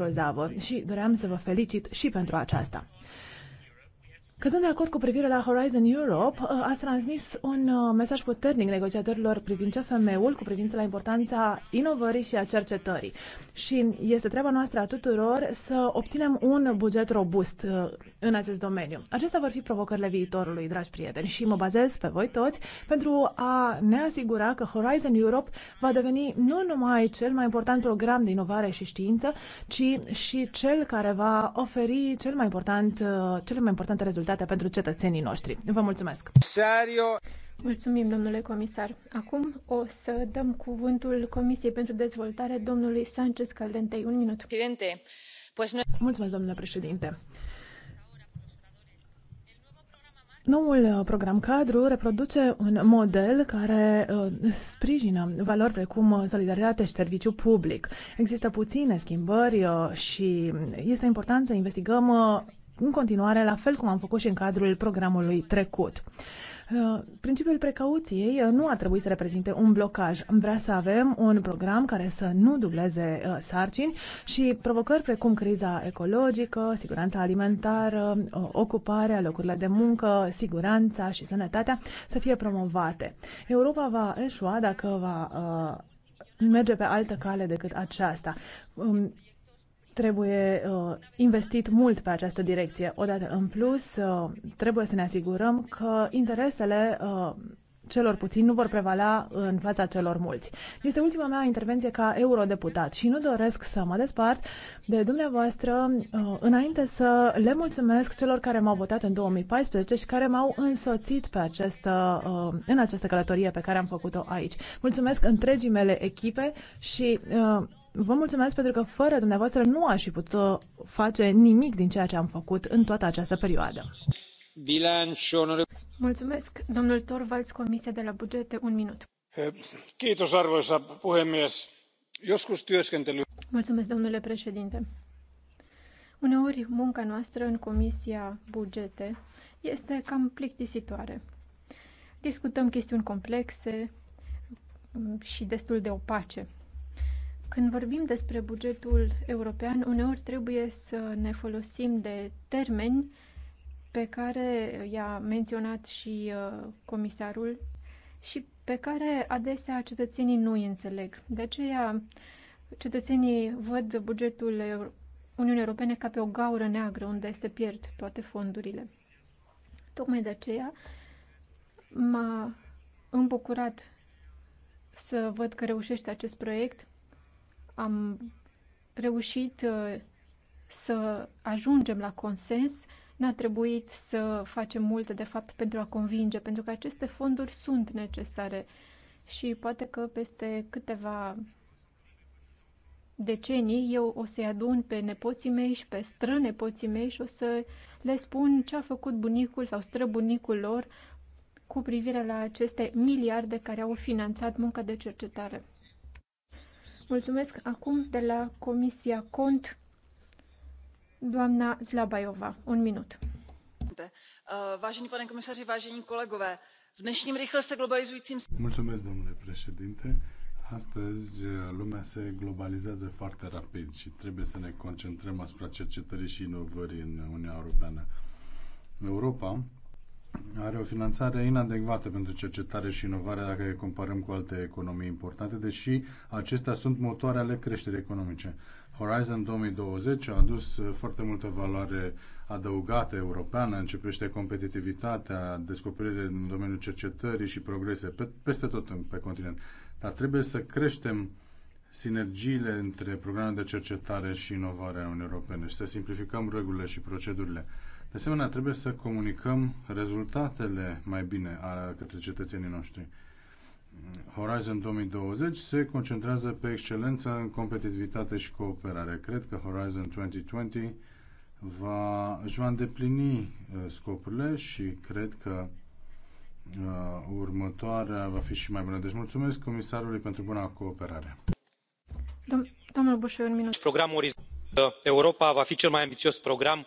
grozavă și doream să vă felicit și pentru aceasta. Căzând de acord cu privire la Horizon Europe, uh, a transmis un uh, mesaj puternic negociatorilor privind CFM-ul cu privință la importanța inovării și a cercetării. Și este treaba noastră a tuturor să obținem un buget robust uh, în acest domeniu. Acestea vor fi provocările viitorului, dragi prieteni, și mă bazez pe voi toți pentru a ne asigura că Horizon Europe va deveni nu numai cel mai important program de inovare și știință, ci și cel care va oferi cel mai important, cele mai importante rezultate securitatea pentru cetățenii noștri. Vă mulțumesc! Sario. Mulțumim, domnule comisar. Acum o să dăm cuvântul Comisiei pentru Dezvoltare domnului Sanchez Caldentei. Un minut. Mulțumesc, domnule președinte. Noul uh, program cadru reproduce un model care uh, sprijină valori precum uh, solidaritate și serviciu public. Există puține schimbări și este important să investigăm în continuare, la fel cum am făcut și în cadrul programului trecut. Uh, principiul precauției uh, nu ar trebui să reprezinte un blocaj. Am vrea să avem un program care să nu dubleze uh, sarcini și provocări precum criza ecologică, siguranța alimentară, ocuparea, locurile de muncă, siguranța și sănătatea să fie promovate. Europa va eșua dacă va merge pe altă cale decât aceasta. Um, trebuie uh, investit mult pe această direcție. Odată în plus, uh, trebuie să ne asigurăm că interesele uh, celor puțini nu vor prevala în fața celor mulți. Este ultima mea intervenție ca eurodeputat și nu doresc să mă despart de dumneavoastră uh, înainte să le mulțumesc celor care m-au votat în 2014 și care m-au însoțit pe această, uh, în această călătorie pe care am făcut-o aici. Mulțumesc întregii mele echipe și uh, Vă mulțumesc pentru că fără dumneavoastră nu aș fi putut uh, face nimic din ceea ce am făcut în toată această perioadă. Mulțumesc, domnul Torvalds, Comisia de la Bugete, un minut. Eh, kiitos, arvoisa puhemies. Joskus työskentely... Mulțumesc, domnule președinte. Uneori, munca noastră în Comisia Bugete este cam plictisitoare. Discutăm chestiuni complexe și destul de opace când vorbim despre bugetul european, uneori trebuie să ne folosim de termeni pe care i-a menționat și uh, comisarul și pe care adesea cetățenii nu îi înțeleg. De aceea, cetățenii văd bugetul Uniunii Europene ca pe o gaură neagră unde se pierd toate fondurile. Tocmai de aceea m-a îmbucurat să văd că reușește acest proiect am reușit uh, să ajungem la consens, n-a trebuit să facem multe, de fapt, pentru a convinge, pentru că aceste fonduri sunt necesare și poate că peste câteva decenii eu o să-i adun pe nepoții mei și pe strănepoții mei și o să le spun ce a făcut bunicul sau străbunicul lor cu privire la aceste miliarde care au finanțat munca de cercetare. Mulțumesc acum de la Comisia Cont, doamna Zlabajova, Un minut. Vážení pane komisaři, vážení kolegové, v dnešním rychle se globalizujícím... Mulțumesc, domnule președinte. Astăzi lumea se globalizează foarte rapid și trebuie să ne concentrăm asupra cercetării și inovării în Uniunea Europeană. Europa are o finanțare inadecvată pentru cercetare și inovare dacă le comparăm cu alte economii importante, deși acestea sunt motoare ale creșterii economice. Horizon 2020 a adus foarte multă valoare adăugată europeană, începește competitivitatea, descoperire în domeniul cercetării și progrese pe, peste tot în, pe continent. Dar trebuie să creștem sinergiile între programele de cercetare și inovare a Uniunii Europene și să simplificăm regulile și procedurile de asemenea, trebuie să comunicăm rezultatele mai bine a către cetățenii noștri. Horizon 2020 se concentrează pe excelența în competitivitate și cooperare. Cred că Horizon 2020 va, își va îndeplini uh, scopurile și cred că uh, următoarea va fi și mai bună. Deci mulțumesc comisarului pentru buna cooperare. domnul Bușoi, un minut. Programul uh, Europa va fi cel mai ambițios program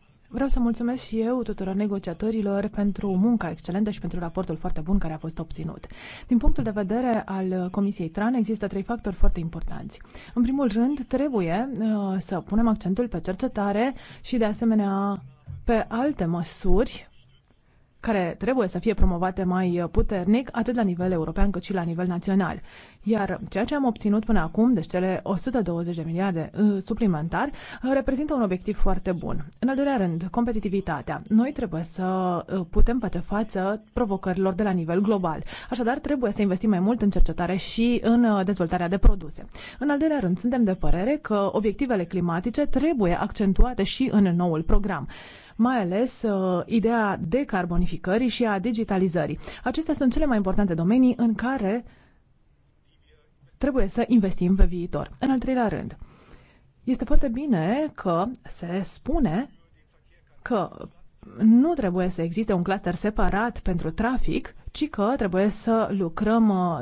Vreau să mulțumesc și eu tuturor negociatorilor pentru munca excelentă și pentru raportul foarte bun care a fost obținut. Din punctul de vedere al Comisiei TRAN există trei factori foarte importanți. În primul rând, trebuie uh, să punem accentul pe cercetare și de asemenea pe alte măsuri care trebuie să fie promovate mai puternic, atât la nivel european cât și la nivel național. Iar ceea ce am obținut până acum, deci cele 120 de miliarde uh, suplimentari, uh, reprezintă un obiectiv foarte bun. În al doilea rând, competitivitatea. Noi trebuie să uh, putem face față provocărilor de la nivel global. Așadar, trebuie să investim mai mult în cercetare și în dezvoltarea de produse. În al doilea rând, suntem de părere că obiectivele climatice trebuie accentuate și în noul program mai ales uh, ideea decarbonificării și a digitalizării. Acestea sunt cele mai importante domenii în care trebuie să investim pe viitor. În al treilea rând, este foarte bine că se spune că nu trebuie să existe un cluster separat pentru trafic, ci că trebuie să lucrăm uh,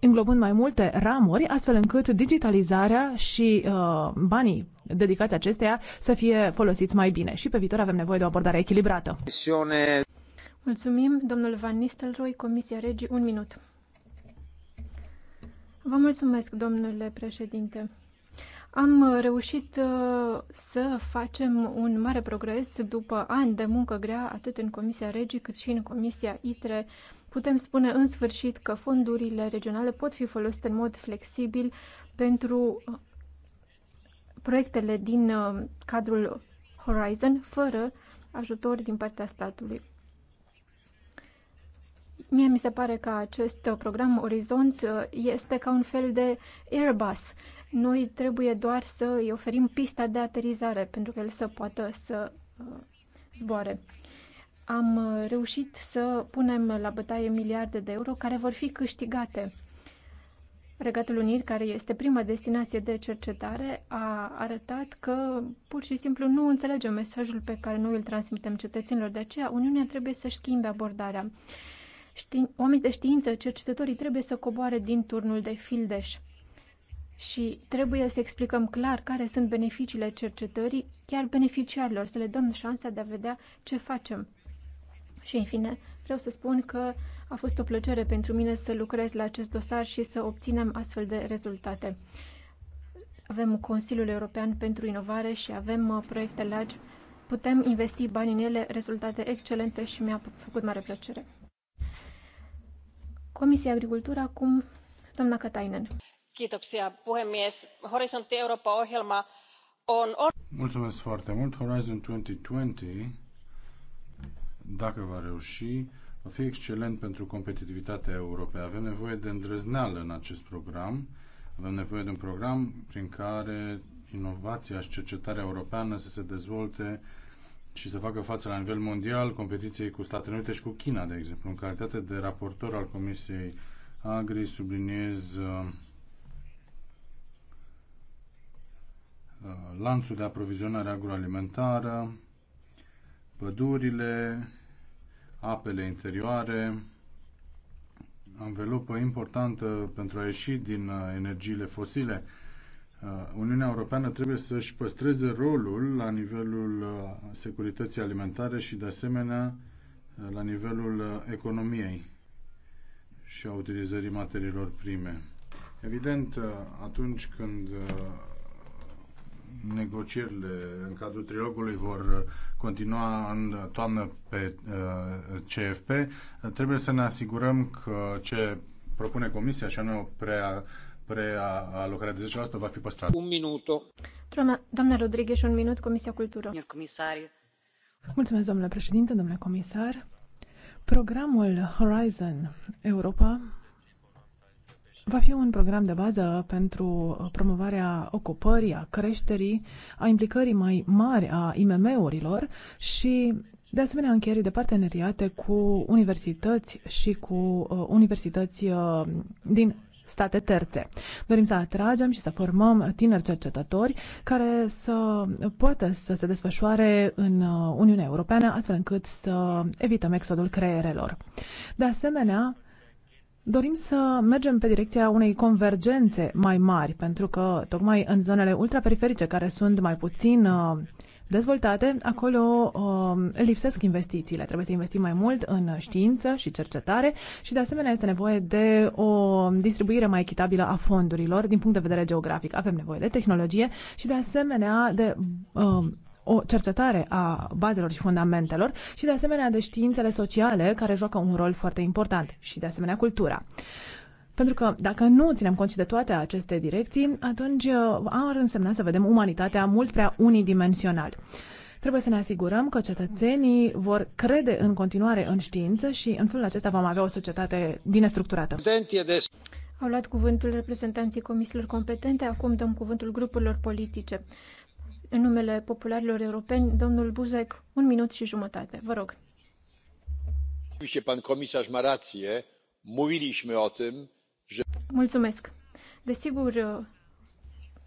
înglobând mai multe ramuri, astfel încât digitalizarea și uh, banii dedicați acesteia să fie folosiți mai bine. Și pe viitor avem nevoie de o abordare echilibrată. Misiune. Mulțumim, domnul Van Nistelrooy, Comisia Regii, un minut. Vă mulțumesc, domnule președinte. Am reușit uh, să facem un mare progres după ani de muncă grea, atât în Comisia Regii cât și în Comisia ITRE. Putem spune în sfârșit că fondurile regionale pot fi folosite în mod flexibil pentru proiectele din uh, cadrul Horizon fără ajutor din partea statului. Mie mi se pare că acest uh, program Orizont uh, este ca un fel de Airbus. Noi trebuie doar să îi oferim pista de aterizare pentru că el să poată să zboare. Am reușit să punem la bătaie miliarde de euro care vor fi câștigate Regatul Unit, care este prima destinație de cercetare, a arătat că pur și simplu nu înțelegem mesajul pe care noi îl transmitem cetățenilor. De aceea, Uniunea trebuie să-și schimbe abordarea. Ști... Oamenii de știință, cercetătorii, trebuie să coboare din turnul de fildeș și trebuie să explicăm clar care sunt beneficiile cercetării, chiar beneficiarilor, să le dăm șansa de a vedea ce facem. Și, în fine, vreau să spun că a fost o plăcere pentru mine să lucrez la acest dosar și să obținem astfel de rezultate. Avem Consiliul European pentru Inovare și avem uh, proiecte largi. Putem investi bani în ele, rezultate excelente și mi-a făcut mare plăcere. Comisia Agricultură, acum doamna Katainen. Kiitoksia, puhemies. Horisontti Europa ohjelma on... Mulțumesc foarte mult. Horizon 2020, dacă va reuși, va fi excelent pentru competitivitatea Europei. Avem nevoie de îndrăzneală în acest program. Avem nevoie de un program prin care inovația și cercetarea europeană să se dezvolte și să facă față la nivel mondial competiției cu Statele Unite și cu China, de exemplu. În calitate de raportor al Comisiei Agri, subliniez uh, uh lanțul de aprovizionare agroalimentară, pădurile, apele interioare, anvelopă importantă pentru a ieși din uh, energiile fosile. Uh, Uniunea Europeană trebuie să-și păstreze rolul la nivelul uh, securității alimentare și, de asemenea, la nivelul economiei și a utilizării materiilor prime. Evident, atunci când negocierile în cadrul trilogului vor continua în toamnă pe uh, CFP, trebuie să ne asigurăm că ce propune Comisia, și anume o prea prealocarea de 10% va fi păstrat. Un minut. Doamna Rodriguez, un minut, Comisia Cultură. Comisar. Mulțumesc, domnule președinte, domnule comisar. Programul Horizon Europa Va fi un program de bază pentru promovarea ocupării, a creșterii, a implicării mai mari a IMM-urilor și de asemenea, încheierii de parteneriate cu universități și cu uh, universități uh, din state terțe. Dorim să atragem și să formăm tineri cercetători care să poată să se desfășoare în uh, Uniunea Europeană, astfel încât să evităm exodul creierelor. De asemenea, Dorim să mergem pe direcția unei convergențe mai mari, pentru că tocmai în zonele ultraperiferice, care sunt mai puțin uh, dezvoltate, acolo uh, lipsesc investițiile. Trebuie să investim mai mult în știință și cercetare și de asemenea este nevoie de o distribuire mai echitabilă a fondurilor din punct de vedere geografic. Avem nevoie de tehnologie și de asemenea de uh, o cercetare a bazelor și fundamentelor și de asemenea de științele sociale care joacă un rol foarte important și de asemenea cultura. Pentru că dacă nu ținem cont și de toate aceste direcții, atunci uh, ar însemna să vedem umanitatea mult prea unidimensional. Trebuie să ne asigurăm că cetățenii vor crede în continuare în știință și în felul acesta vom avea o societate bine structurată. Au luat cuvântul reprezentanții comisiilor competente, acum dăm cuvântul grupurilor politice în numele popularilor europeni, domnul Buzek, un minut și jumătate. Vă rog. Mulțumesc. Desigur,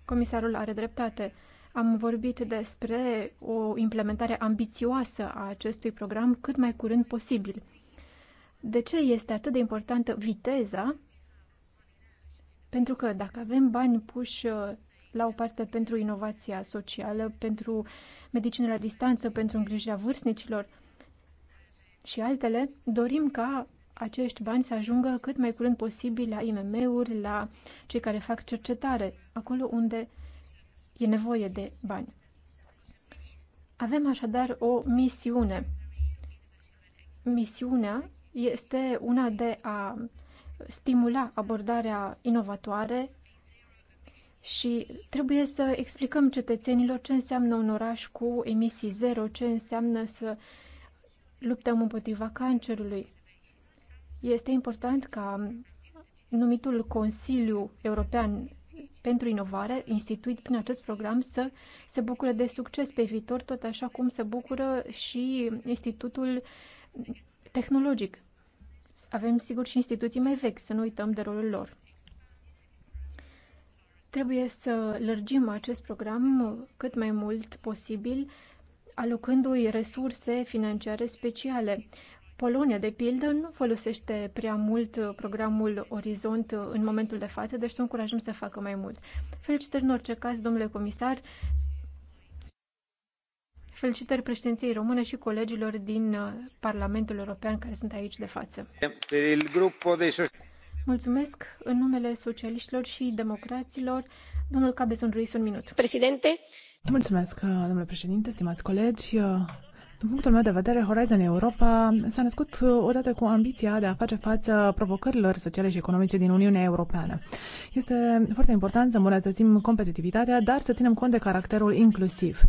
comisarul are dreptate. Am vorbit despre o implementare ambițioasă a acestui program cât mai curând posibil. De ce este atât de importantă viteza? Pentru că dacă avem bani puși la o parte pentru inovația socială, pentru medicină la distanță, pentru îngrijirea vârstnicilor și altele, dorim ca acești bani să ajungă cât mai curând posibil la IMM-uri, la cei care fac cercetare, acolo unde e nevoie de bani. Avem așadar o misiune. Misiunea este una de a stimula abordarea inovatoare și trebuie să explicăm cetățenilor ce înseamnă un oraș cu emisii zero, ce înseamnă să luptăm împotriva cancerului. Este important ca numitul Consiliu European pentru Inovare, instituit prin acest program, să se bucure de succes pe viitor, tot așa cum se bucură și Institutul Tehnologic. Avem, sigur, și instituții mai vechi, să nu uităm de rolul lor. Trebuie să lărgim acest program cât mai mult posibil, alocându-i resurse financiare speciale. Polonia, de pildă, nu folosește prea mult programul Orizont în momentul de față, deci o încurajăm să facă mai mult. Felicitări în orice caz, domnule comisar. Felicitări președinției române și colegilor din Parlamentul European care sunt aici de față. Mulțumesc în numele socialiștilor și democraților. Domnul Cabezon Ruiz, un minut. Președinte. Mulțumesc, domnule președinte, stimați colegi. Din punctul meu de vedere, Horizon Europa s-a născut odată cu ambiția de a face față provocărilor sociale și economice din Uniunea Europeană. Este foarte important să îmbunătățim competitivitatea, dar să ținem cont de caracterul inclusiv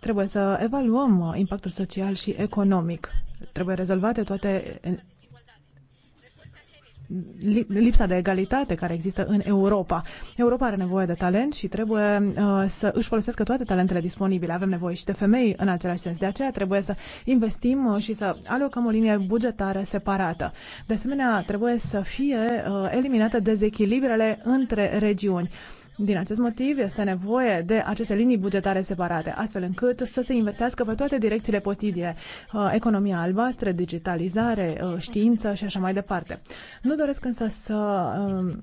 trebuie să evaluăm impactul social și economic. Trebuie rezolvate toate lipsa de egalitate care există în Europa. Europa are nevoie de talent și trebuie uh, să își folosească toate talentele disponibile. Avem nevoie și de femei în același sens. De aceea trebuie să investim uh, și să alocăm o linie bugetară separată. De asemenea, trebuie să fie uh, eliminate dezechilibrele între regiuni. Din acest motiv este nevoie de aceste linii bugetare separate, astfel încât să se investească pe toate direcțiile posibile, uh, economia albastră, digitalizare, uh, știință și așa mai departe. Nu doresc însă să um,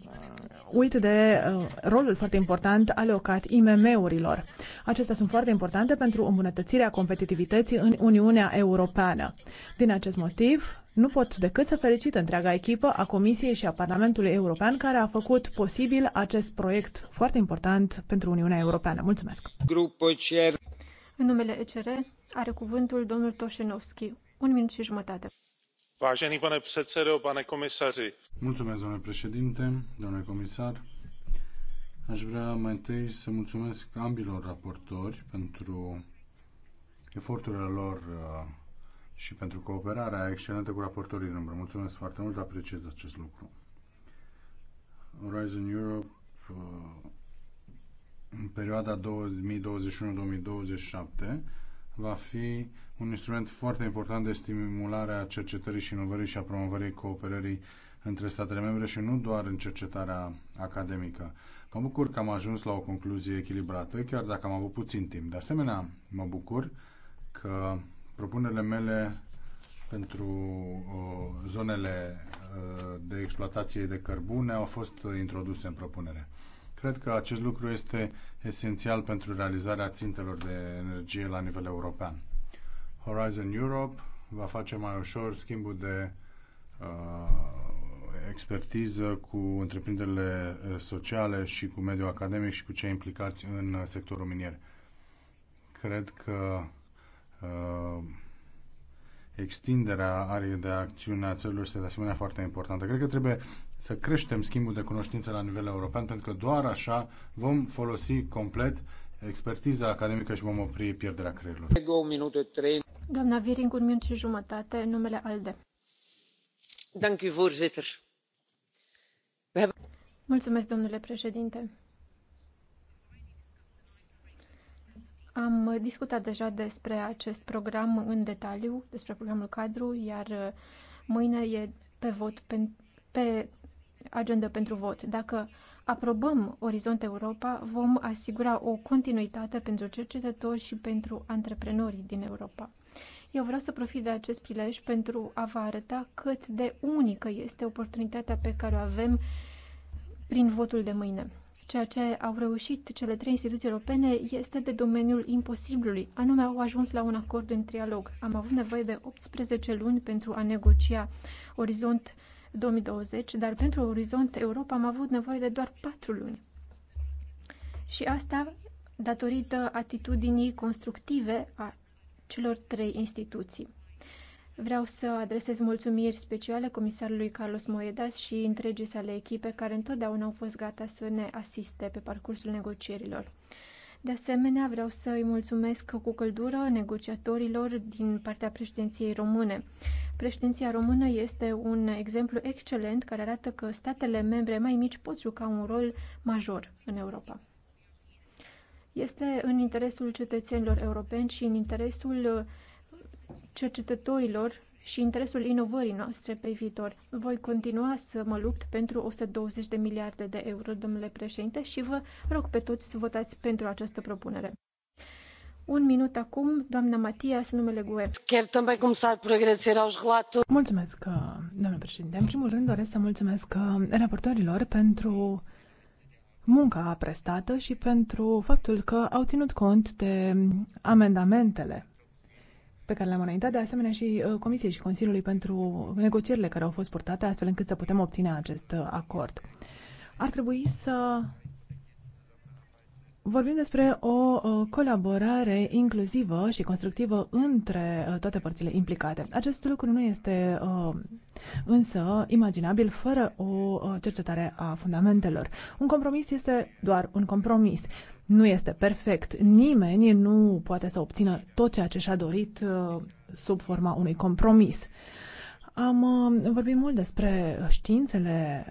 uit de uh, rolul foarte important alocat IMM-urilor. Acestea sunt foarte importante pentru îmbunătățirea competitivității în Uniunea Europeană. Din acest motiv, nu pot decât să felicit întreaga echipă a Comisiei și a Parlamentului European care a făcut posibil acest proiect foarte important pentru Uniunea Europeană. Mulțumesc! Grupul CR. În numele ECR are cuvântul domnul Toșenovski. Un minut și jumătate pane președinte pane comisar aș vrea mai întâi să mulțumesc ambilor raportori pentru eforturile lor uh, și pentru cooperarea excelentă cu raportorii în Mulțumesc foarte mult, apreciez acest lucru. Horizon Europe uh, în perioada 2021-2027 va fi un instrument foarte important de stimulare a cercetării și inovării și a promovării cooperării între statele membre și nu doar în cercetarea academică. Mă bucur că am ajuns la o concluzie echilibrată, chiar dacă am avut puțin timp. De asemenea, mă bucur că propunerile mele pentru uh, zonele uh, de exploatație de cărbune au fost uh, introduse în propunere. Cred că acest lucru este esențial pentru realizarea țintelor de energie la nivel european. Horizon Europe va face mai ușor schimbul de uh, expertiză cu întreprinderile uh, sociale și cu mediul academic și cu cei implicați în uh, sectorul minier. Cred că uh, extinderea ariei de acțiune a țărilor este de asemenea foarte importantă. Cred că trebuie să creștem schimbul de cunoștințe la nivel european, pentru că doar așa vom folosi complet expertiza academică și vom opri pierderea creierilor. Doamna Viring, un minut și jumătate, numele ALDE. Mulțumesc, domnule președinte. Am discutat deja despre acest program în detaliu, despre programul cadru, iar uh, mâine e pe vot pe, pe agenda pentru vot. Dacă aprobăm Orizont Europa, vom asigura o continuitate pentru cercetători și pentru antreprenorii din Europa. Eu vreau să profit de acest prilej pentru a vă arăta cât de unică este oportunitatea pe care o avem prin votul de mâine. Ceea ce au reușit cele trei instituții europene este de domeniul imposibilului, anume au ajuns la un acord în trialog. Am avut nevoie de 18 luni pentru a negocia Orizont 2020, dar pentru Orizont Europa am avut nevoie de doar patru luni. Și asta datorită atitudinii constructive a celor trei instituții. Vreau să adresez mulțumiri speciale comisarului Carlos Moedas și întregii sale echipe care întotdeauna au fost gata să ne asiste pe parcursul negocierilor. De asemenea, vreau să îi mulțumesc cu căldură negociatorilor din partea președinției române. Președinția română este un exemplu excelent care arată că statele membre mai mici pot juca un rol major în Europa. Este în interesul cetățenilor europeni și în interesul cercetătorilor și interesul inovării noastre pe viitor. Voi continua să mă lupt pentru 120 de miliarde de euro, domnule președinte, și vă rog pe toți să votați pentru această propunere. Un minut acum, doamna Matias, numele GUE. Chiar também começar por agradecer aos relatores. Mulțumesc, uh, doamna președinte. În primul rând doresc să mulțumesc uh, raportorilor pentru munca prestată și pentru faptul că au ținut cont de amendamentele pe care le-am înaintat, de asemenea și uh, Comisiei și Consiliului pentru negocierile care au fost purtate, astfel încât să putem obține acest uh, acord. Ar trebui să Vorbim despre o uh, colaborare inclusivă și constructivă între toate părțile implicate. Acest lucru nu este însă imaginabil fără o cercetare a fundamentelor. Un compromis este doar un compromis nu este perfect. Nimeni nu poate să obțină tot ceea ce și-a dorit uh, sub forma unui compromis. Am uh, vorbit mult despre științele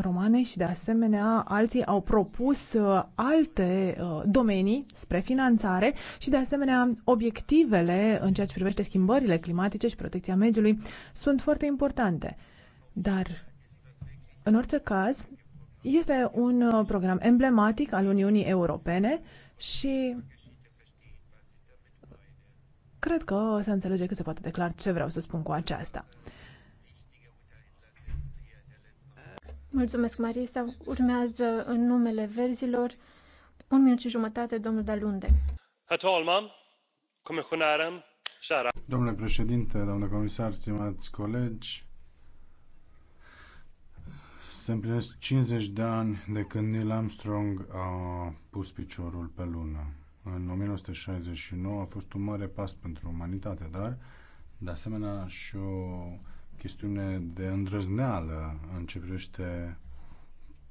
romane și de asemenea alții au propus uh, alte domenii spre finanțare și de asemenea obiectivele în ceea ce privește schimbările climatice și protecția mediului sunt foarte importante. Dar în orice caz, este un uh, program emblematic al Uniunii Europene și cred că se înțelege că se poate declar ce vreau să spun cu aceasta. Mulțumesc, Marisa. Urmează în numele verzilor un minut și jumătate, domnul Dalunde. Domnule președinte, domnule comisar, stimați colegi, se împlinesc 50 de ani de când Neil Armstrong a pus piciorul pe lună. În 1969 a fost un mare pas pentru umanitate, dar de asemenea și o chestiune de îndrăzneală în ce privește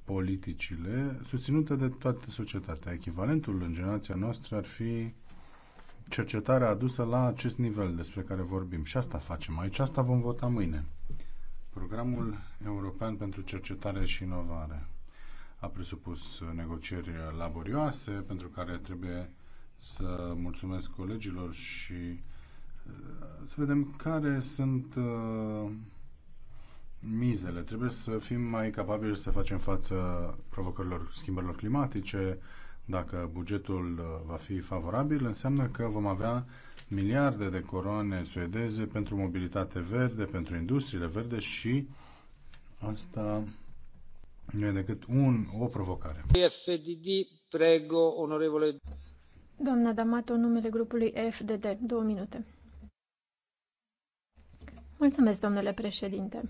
politicile susținută de toată societatea. Echivalentul în generația noastră ar fi cercetarea adusă la acest nivel despre care vorbim. Și asta facem aici, asta vom vota mâine. Programul European pentru Cercetare și Inovare a presupus negocieri laborioase pentru care trebuie să mulțumesc colegilor și uh, să vedem care sunt uh, mizele. Trebuie să fim mai capabili să facem față provocărilor schimbărilor climatice, dacă bugetul uh, va fi favorabil, înseamnă că vom avea miliarde de coroane suedeze pentru mobilitate verde, pentru industriile verde și asta nu e decât un, o provocare. FDD, prego, onorevole. Doamna Damato, numele grupului FDD, două minute. Mulțumesc, domnule președinte.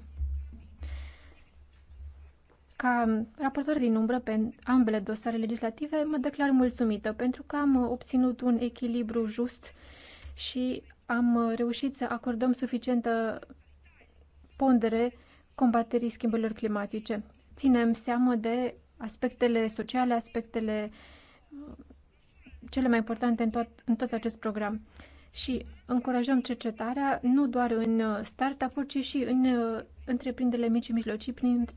Ca raportor din umbră pe ambele dosare legislative, mă declar mulțumită pentru că am obținut un echilibru just și am reușit să acordăm suficientă pondere combaterii schimbărilor climatice. Ținem seamă de aspectele sociale, aspectele cele mai importante în tot, în tot acest program. Și încurajăm cercetarea nu doar în startup-uri, ci și în uh, întreprinderile mici și mijlocii prin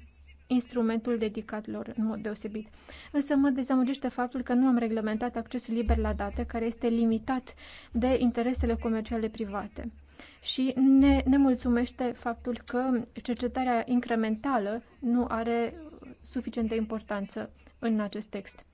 instrumentul dedicat lor în mod deosebit. Însă mă dezamăgește faptul că nu am reglementat accesul liber la date, care este limitat de interesele comerciale private. Și ne, ne mulțumește faptul că cercetarea incrementală nu are suficientă importanță în acest text.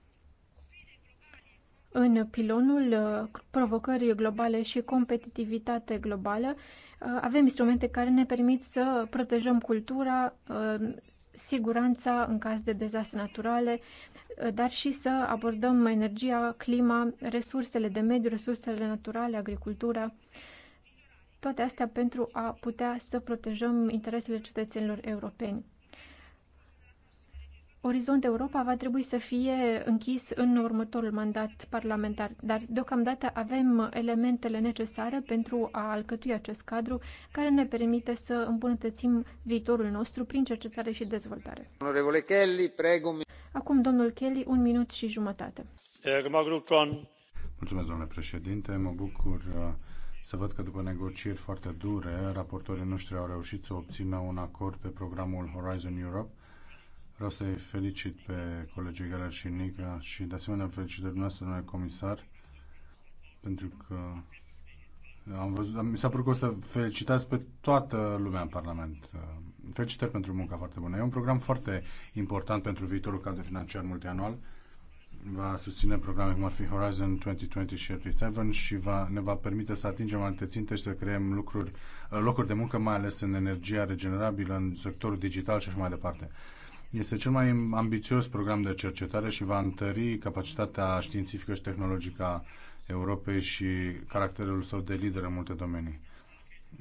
În pilonul uh, provocării globale și competitivitate globală, uh, avem instrumente care ne permit să protejăm cultura, uh, siguranța în caz de dezastre naturale, dar și să abordăm energia, clima, resursele de mediu, resursele naturale, agricultura, toate astea pentru a putea să protejăm interesele cetățenilor europeni. Orizont Europa va trebui să fie închis în următorul mandat parlamentar, dar deocamdată avem elementele necesare pentru a alcătui acest cadru care ne permite să îmbunătățim viitorul nostru prin cercetare și dezvoltare. Kelly, Acum, domnul Kelly, un minut și jumătate. Eh, Mulțumesc, domnule președinte. Mă bucur eh, să văd că după negocieri foarte dure, raportorii noștri au reușit să obțină un acord pe programul Horizon Europe, Vreau să-i felicit pe colegii Gara și Nica și de asemenea felicitări noastre, domnule comisar, pentru că am văzut, mi s-a părut că o să felicitați pe toată lumea în Parlament. Felicitări pentru munca foarte bună. E un program foarte important pentru viitorul cadru financiar multianual. Va susține programe cum ar fi Horizon 2020 și 37 și va, ne va permite să atingem alte ținte și să creăm lucruri, locuri de muncă, mai ales în energia regenerabilă, în sectorul digital și așa mai departe. Este cel mai ambițios program de cercetare și va întări capacitatea științifică și tehnologică a Europei și caracterul său de lider în multe domenii.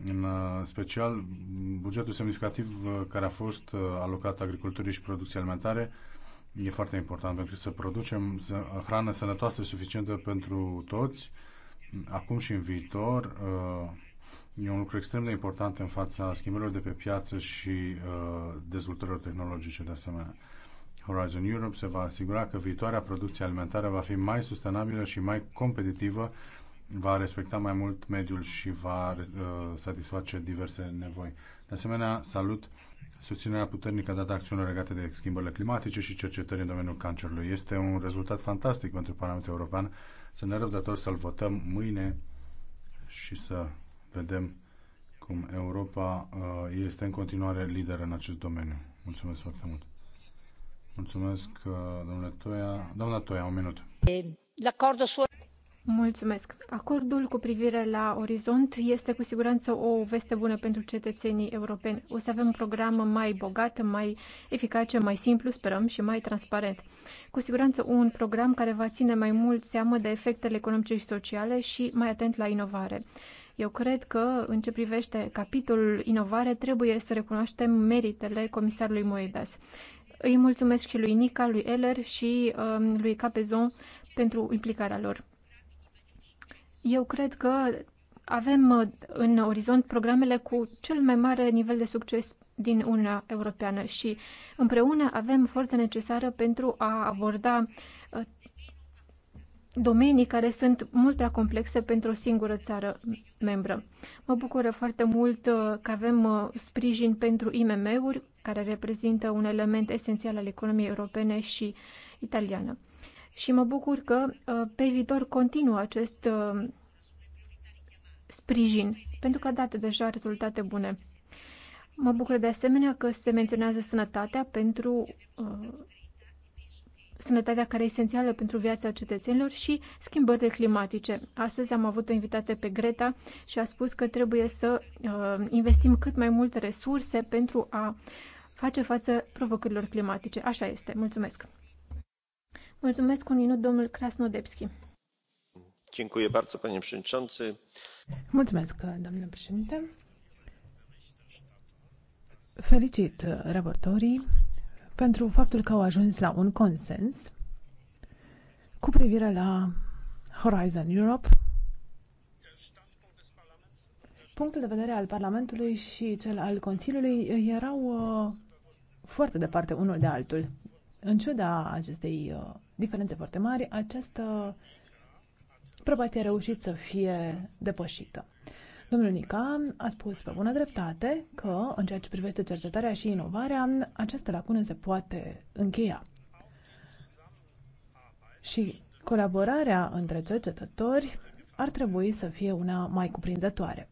În uh, special, bugetul semnificativ uh, care a fost uh, alocat agriculturii și producției alimentare e foarte important pentru că să producem hrană sănătoasă și suficientă pentru toți, acum și în viitor. E un lucru extrem de important în fața schimbărilor de pe piață și uh, dezvoltărilor tehnologice de asemenea. Horizon Europe se va asigura că viitoarea producție alimentară va fi mai sustenabilă și mai competitivă, va respecta mai mult mediul și va uh, satisface diverse nevoi. De asemenea, salut susținerea puternică dată acțiunilor legate de schimbările climatice și cercetări în domeniul cancerului. Este un rezultat fantastic pentru Parlamentul European. Să ne răbdători să-l votăm mâine și să vedem cum Europa uh, este în continuare lider în acest domeniu. Mulțumesc foarte mult. Mulțumesc, uh, domnule Toia. Doamna Toia, un minut. Mulțumesc. Acordul cu privire la Orizont este cu siguranță o veste bună pentru cetățenii europeni. O să avem un program mai bogat, mai eficace, mai simplu, sperăm, și mai transparent. Cu siguranță un program care va ține mai mult seamă de efectele economice și sociale și mai atent la inovare. Eu cred că, în ce privește capitolul inovare, trebuie să recunoaștem meritele comisarului Moedas. Îi mulțumesc și lui Nica, lui Eller și um, lui Capezon pentru implicarea lor. Eu cred că avem uh, în orizont programele cu cel mai mare nivel de succes din Uniunea Europeană și împreună avem forța necesară pentru a aborda uh, domenii care sunt mult prea complexe pentru o singură țară membră. Mă bucură foarte mult uh, că avem uh, sprijin pentru IMM-uri, care reprezintă un element esențial al economiei europene și italiană. Și mă bucur că uh, pe viitor continuă acest sprijin, pentru că a dat deja rezultate bune. Mă bucur de asemenea că se menționează sănătatea pentru sănătatea care e esențială pentru viața cetățenilor și schimbările climatice. Astăzi am avut o invitată pe Greta și a spus că trebuie să uh, investim cât mai multe resurse pentru a face față provocărilor climatice. Așa este. Mulțumesc. Mulțumesc un minut, domnul Krasnodebski. Dziękuję bardzo, panie przewodniczący. Mulțumesc, domnule președinte. Felicit raportorii pentru faptul că au ajuns la un consens cu privire la Horizon Europe, punctul de vedere al Parlamentului și cel al Consiliului erau uh, foarte departe unul de altul. În ciuda acestei uh, diferențe foarte mari, această probație a reușit să fie depășită. Domnul Nica a spus pe bună dreptate că, în ceea ce privește cercetarea și inovarea, aceste lacune se poate încheia. Și colaborarea între cercetători ar trebui să fie una mai cuprinzătoare.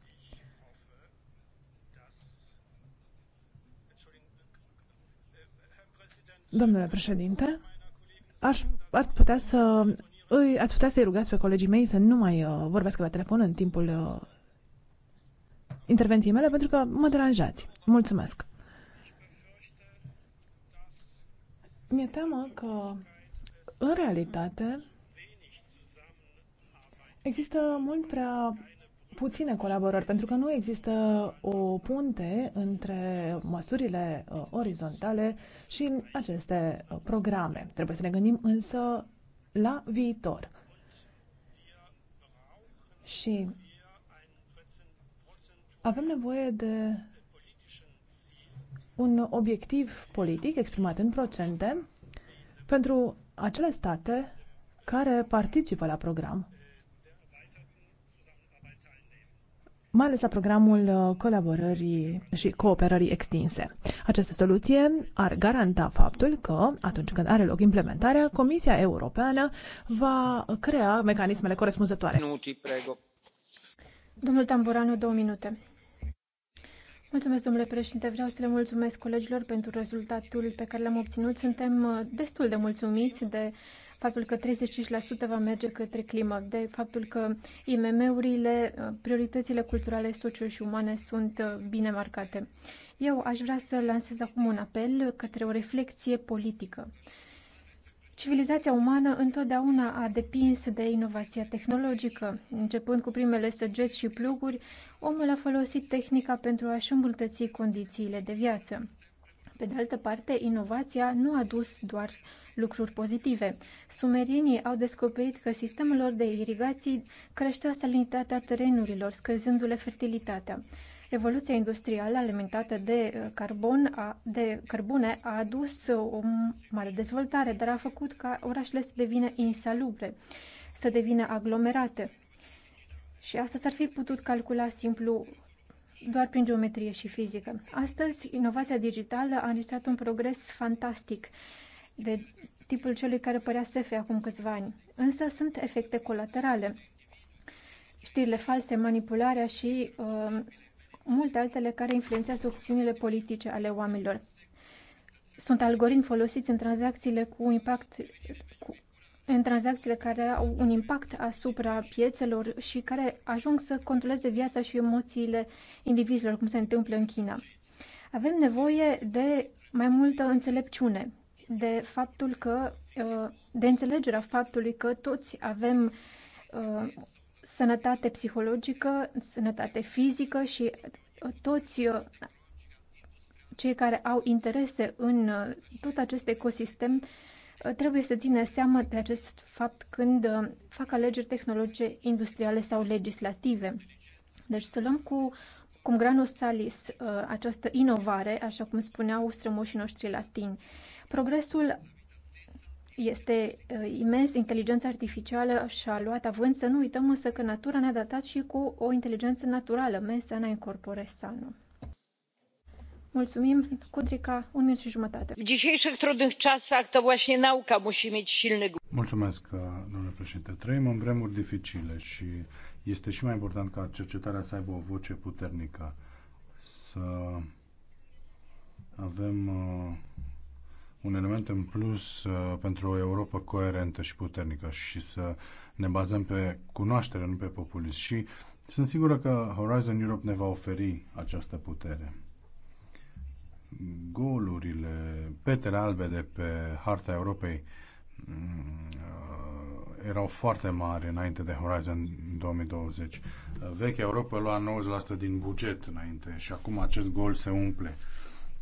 Domnule președinte, aș, ar putea să îi, ați putea să-i rugați pe colegii mei să nu mai uh, vorbească la telefon în timpul uh, intervenției mele pentru că mă deranjați. Mulțumesc! Mi-e teamă că, în realitate, există mult prea puține colaborări, pentru că nu există o punte între măsurile uh, orizontale și aceste uh, programe. Trebuie să ne gândim însă la viitor. Și avem nevoie de un obiectiv politic exprimat în procente pentru acele state care participă la program, mai ales la programul uh, colaborării și cooperării extinse. Această soluție ar garanta faptul că, atunci când are loc implementarea, Comisia Europeană va crea mecanismele corespunzătoare. Minuti, prego. Domnul Tamburanu, două minute Mulțumesc, domnule președinte. Vreau să le mulțumesc colegilor pentru rezultatul pe care l-am obținut. Suntem uh, destul de mulțumiți de faptul că 35% va merge către climă, de faptul că IMM-urile, uh, prioritățile culturale, socio și umane sunt uh, bine marcate. Eu aș vrea să lansez acum un apel către o reflexie politică. Civilizația umană întotdeauna a depins de inovația tehnologică. Începând cu primele săgeți și pluguri, omul a folosit tehnica pentru a-și îmbunătăți condițiile de viață. Pe de altă parte, inovația nu a dus doar lucruri pozitive. Sumerienii au descoperit că sistemul lor de irigații creștea salinitatea terenurilor, scăzându-le fertilitatea. Revoluția industrială alimentată de uh, carbon, a, de cărbune a adus uh, o mare dezvoltare, dar a făcut ca orașele să devină insalubre, să devină aglomerate. Și asta s-ar fi putut calcula simplu doar prin geometrie și fizică. Astăzi, inovația digitală a înregistrat un progres fantastic de tipul celui care părea SF acum câțiva ani. Însă sunt efecte colaterale. Știrile false, manipularea și uh, multe altele care influențează opțiunile politice ale oamenilor. Sunt algoritmi folosiți în tranzacțiile cu impact cu, în tranzacțiile care au un impact asupra piețelor și care ajung să controleze viața și emoțiile indivizilor, cum se întâmplă în China. Avem nevoie de mai multă înțelepciune, de faptul că, uh, de înțelegerea faptului că toți avem uh, sănătate psihologică, sănătate fizică și uh, toți uh, cei care au interese în uh, tot acest ecosistem trebuie să țină seama de acest fapt când fac alegeri tehnologice, industriale sau legislative. Deci să luăm cu cum granul salis această inovare, așa cum spuneau strămoșii noștri latini. Progresul este uh, imens, inteligența artificială și-a luat având, să nu uităm însă că natura ne-a datat și cu o inteligență naturală, mens sana in corpore sano. Mulțumim, Codrica, un minut și jumătate. În dzisiejszych trudnych czasach to właśnie nauka musi mieć silny Mulțumesc, uh, domnule președinte. Trăim în vremuri dificile și este și mai important ca cercetarea să aibă o voce puternică, să avem uh, un element în plus uh, pentru o Europa coerentă și puternică și să ne bazăm pe cunoaștere, nu pe populism. Și sunt sigură că Horizon Europe ne va oferi această putere. Golurile, petele albe de pe harta Europei mm, erau foarte mari înainte de Horizon 2020. Vechea Europa lua 90% din buget înainte și acum acest gol se umple.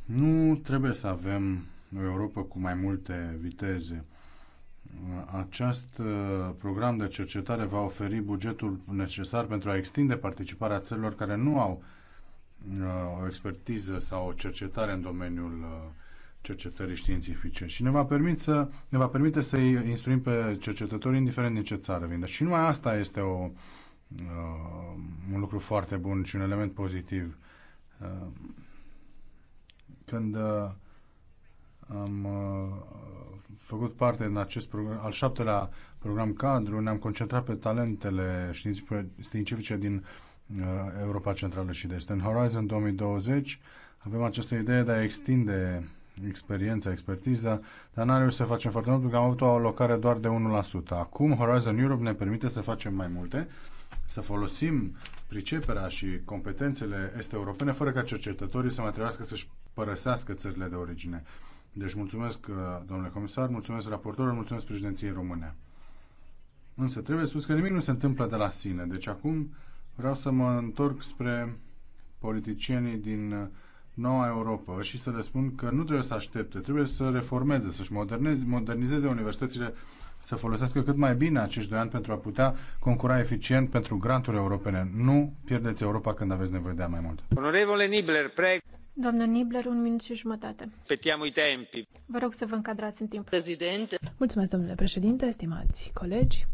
Nu trebuie să avem o Europa cu mai multe viteze. Acest uh, program de cercetare va oferi bugetul necesar pentru a extinde participarea țărilor care nu au uh, o expertiză sau o cercetare în domeniul uh, cercetării științifice și ne va, permite să, ne va permite să-i instruim pe cercetători indiferent din ce țară vin. Deci și numai asta este o, uh, un lucru foarte bun și un element pozitiv. Uh, când uh, am uh, făcut parte în acest program, al șaptelea program cadru, ne-am concentrat pe talentele științifice din uh, Europa Centrală și de Est. În Horizon 2020 avem această idee de a extinde experiența, expertiza, dar n-a reușit să facem foarte mult pentru că am avut o alocare doar de 1%. Acum Horizon Europe ne permite să facem mai multe, să folosim priceperea și competențele este europene fără ca cercetătorii să mai trebuiască să-și părăsească țările de origine. Deci mulțumesc, uh, domnule comisar, mulțumesc raportorul, mulțumesc președinției române. Însă trebuie spus că nimic nu se întâmplă de la sine. Deci acum vreau să mă întorc spre politicienii din uh, noua Europa și să le spun că nu trebuie să aștepte, trebuie să reformeze, să-și modernize, modernizeze universitățile, să folosească cât mai bine acești doi ani pentru a putea concura eficient pentru granturi europene. Nu pierdeți Europa când aveți nevoie de ea mai mult. Onorevole Nibler, preg. Doamnă Nibler, un minut și jumătate. Petiamo i tempi. Vă rog să vă încadrați în timp. Președinte. Mulțumesc, domnule președinte, stimați colegi,